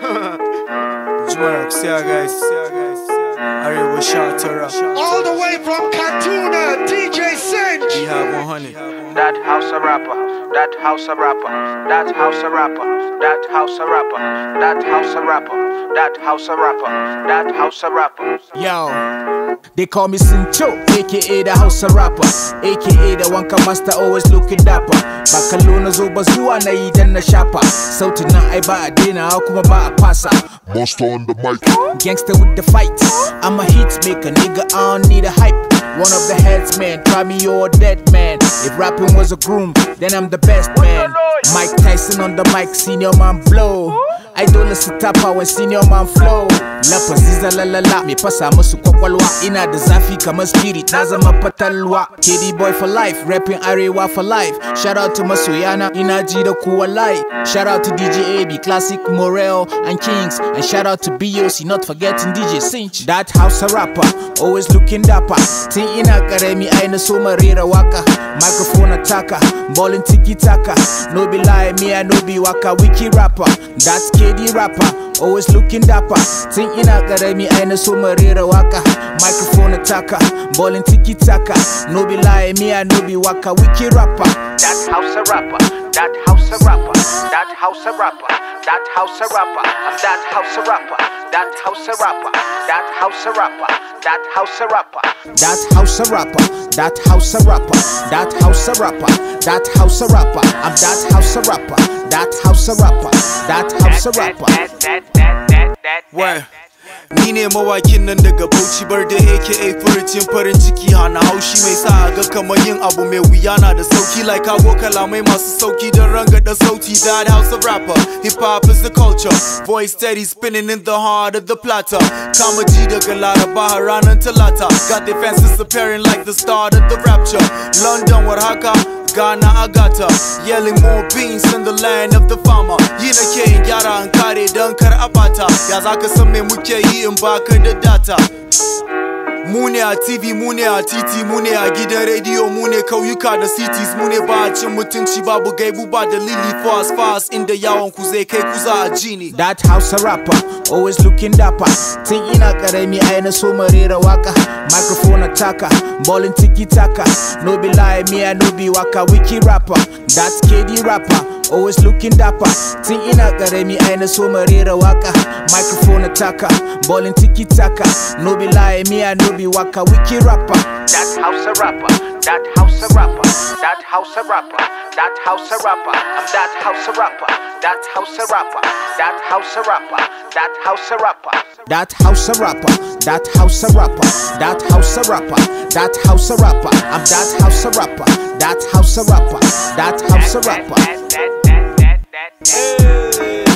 Jmark, see yeah guys. Arriba Shatara. All the way from Katuna, DJ Senj. We have 100 that house a rapper, that house a rapper, that house a rapper, that house a rapper, that house a rapper, that house a rapper, that house a rapper. Yo, they call me Sincho, aka the house of rapper, aka the wanka master always looking dapper. Bakalo na zo ba zuwa na yi dan na shafa, sautin na ai ba a dena a fasa. Monster on the mic, gangster with the fight. I'm a hit maker, nigga, I don't need a hype. One of the headsmen, try me or dead man. If rapping was a groom, then I'm the best man. Mike Tyson on the mic, senior man blow. I Idol na su tafa wa senior man flow La la la la, me pasa musu kwakwalwa Ina da zafi kamar spirit naza mapata fatalwa KD boy for life, rapping arewa for life Shout out to masoyana, ina ji kuwa kowa life Shout out to DJ AB, Classic Morel and Kings And shout out to BOC, not forgetting DJ Cinch That house a rapper, always looking dapper Tun ina karami ai na so rera waka Microphone attacker, ballin tiki taka No be lie, me I no be waka, wiki rapper That's lady rapper Always looking dapper Tun ina karami ai na waka Microphone attacker Ballin tiki taka No be lie me I no be waka Wiki rapper That house a rapper That house a rapper That house a rapper That house a rapper I'm that house a rapper That house a rapper That house a rapper That house a rapper That house a rapper That house a rapper That house a rapper That house a rapper I'm that house a rapper that house a rapper. That house a rapper. Where? Ni ne mawakin nan daga Bauchi bar da AKA furucin farin ciki hana haushi mai sa ga kamar yin abu mai wuya na da sauki like hago kalamai masu sauki don the sauti that house of rapper hip hop is the culture voice steady spinning in the heart of the platter comedy daga laraba ranar talata got the fans disappearing like the start of the rapture London war haka Ghana Agata Yelling more beans in the land of the farmer Yi ke gyara an kare don kar a bata Ya san me muke yi in baka da data mu ne a tv mu a titi mu ne a gidan rediyo mu ne kauyuka da cities mune ne ba a cin mutunci babu gaibu ba dalili fast fast inda yawon ku zai kai ku za a jini. that house a rapper always looking dapper tun ina karami ai na so rera waka microphone attacker ballin tiki taka no be lie me i no be waka wiki rapper That's KD rapper always looking dapper tun ina karami ai na so rera waka microphone attacker ballin tiki taka no be lie me i no be waka wiki rapper that's house a rapper that house a rapper, that house a rapper, that house a rapper, I'm that house a rapper, that house a rapper, that house a rapper, that house a rapper, that house a rapper, that house a rapper, that house a rapper, that house a rapper, I'm that house a rapper, that house a rapper, that house a rapper.